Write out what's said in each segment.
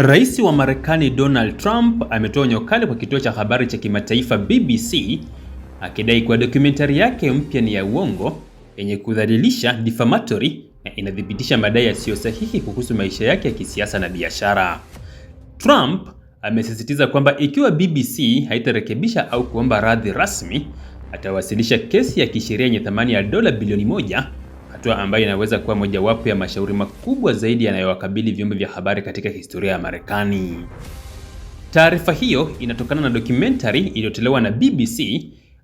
Rais wa Marekani Donald Trump ametoa onyo kali kwa kituo cha habari cha kimataifa BBC akidai kuwa dokumentari yake mpya ni ya uongo, yenye kudhalilisha defamatory, na inathibitisha madai yasiyo sahihi kuhusu maisha yake ya kisiasa na biashara. Trump amesisitiza kwamba ikiwa BBC haitarekebisha au kuomba radhi rasmi, atawasilisha kesi ya kisheria yenye thamani ya dola bilioni moja hatua ambayo inaweza kuwa mojawapo ya mashauri makubwa zaidi yanayowakabili vyombo vya habari katika historia ya Marekani. Taarifa hiyo inatokana na dokumentari iliyotolewa na BBC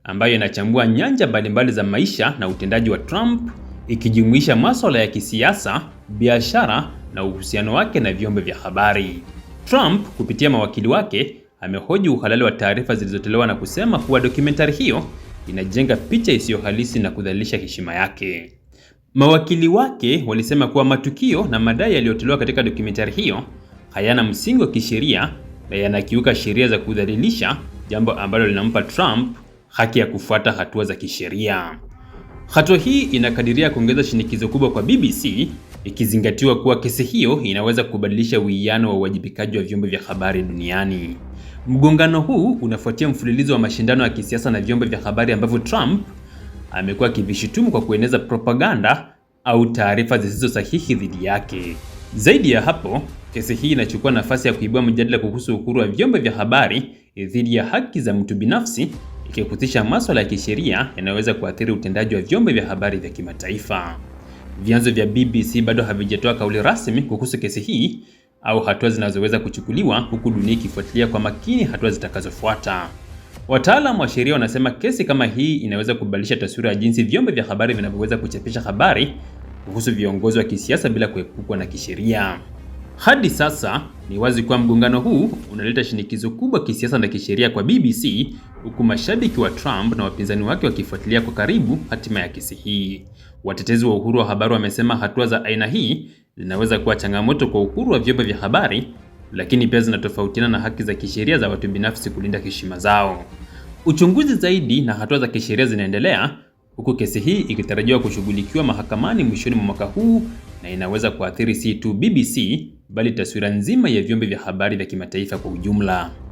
ambayo inachambua nyanja mbalimbali za maisha na utendaji wa Trump ikijumuisha masuala ya kisiasa, biashara na uhusiano wake na vyombo vya habari. Trump kupitia mawakili wake amehoji uhalali wa taarifa zilizotolewa na kusema kuwa dokumentari hiyo inajenga picha isiyo halisi na kudhalilisha heshima yake. Mawakili wake walisema kuwa matukio na madai yaliyotolewa katika dokumentari hiyo hayana msingi wa kisheria na yanakiuka sheria za kudhalilisha, jambo ambalo linampa Trump haki ya kufuata hatua za kisheria. Hatua hii inakadiria kuongeza shinikizo kubwa kwa BBC ikizingatiwa kuwa kesi hiyo inaweza kubadilisha uwiano wa uwajibikaji wa vyombo vya habari duniani. Mgongano huu unafuatia mfululizo wa mashindano ya kisiasa na vyombo vya habari ambavyo Trump amekuwa akivishutumu kwa kueneza propaganda au taarifa zisizo sahihi dhidi yake. Zaidi ya hapo, kesi hii inachukua nafasi ya kuibua mjadala kuhusu uhuru wa vyombo vya habari dhidi ya haki za mtu binafsi, ikihusisha maswala ya kisheria yanayoweza kuathiri utendaji wa vyombo vya habari vya kimataifa. Vyanzo vya BBC bado havijatoa kauli rasmi kuhusu kesi hii au hatua zinazoweza kuchukuliwa, huku dunia ikifuatilia kwa makini hatua zitakazofuata. Wataalamu wa sheria wanasema kesi kama hii inaweza kubadilisha taswira ya jinsi vyombo vya habari vinavyoweza kuchapisha habari kuhusu viongozi wa kisiasa bila kuepukwa na kisheria. Hadi sasa ni wazi kuwa mgongano huu unaleta shinikizo kubwa kisiasa na kisheria kwa BBC, huku mashabiki wa Trump na wapinzani wake wakifuatilia kwa karibu hatima ya kesi hii. Watetezi wa uhuru wa habari wamesema hatua za aina hii zinaweza kuwa changamoto kwa uhuru wa vyombo vya habari lakini pia zinatofautiana na haki za kisheria za watu binafsi kulinda heshima zao. Uchunguzi zaidi na hatua za kisheria zinaendelea huku kesi hii ikitarajiwa kushughulikiwa mahakamani mwishoni mwa mwaka huu na inaweza kuathiri si tu BBC bali taswira nzima ya vyombo vya habari vya kimataifa kwa ujumla.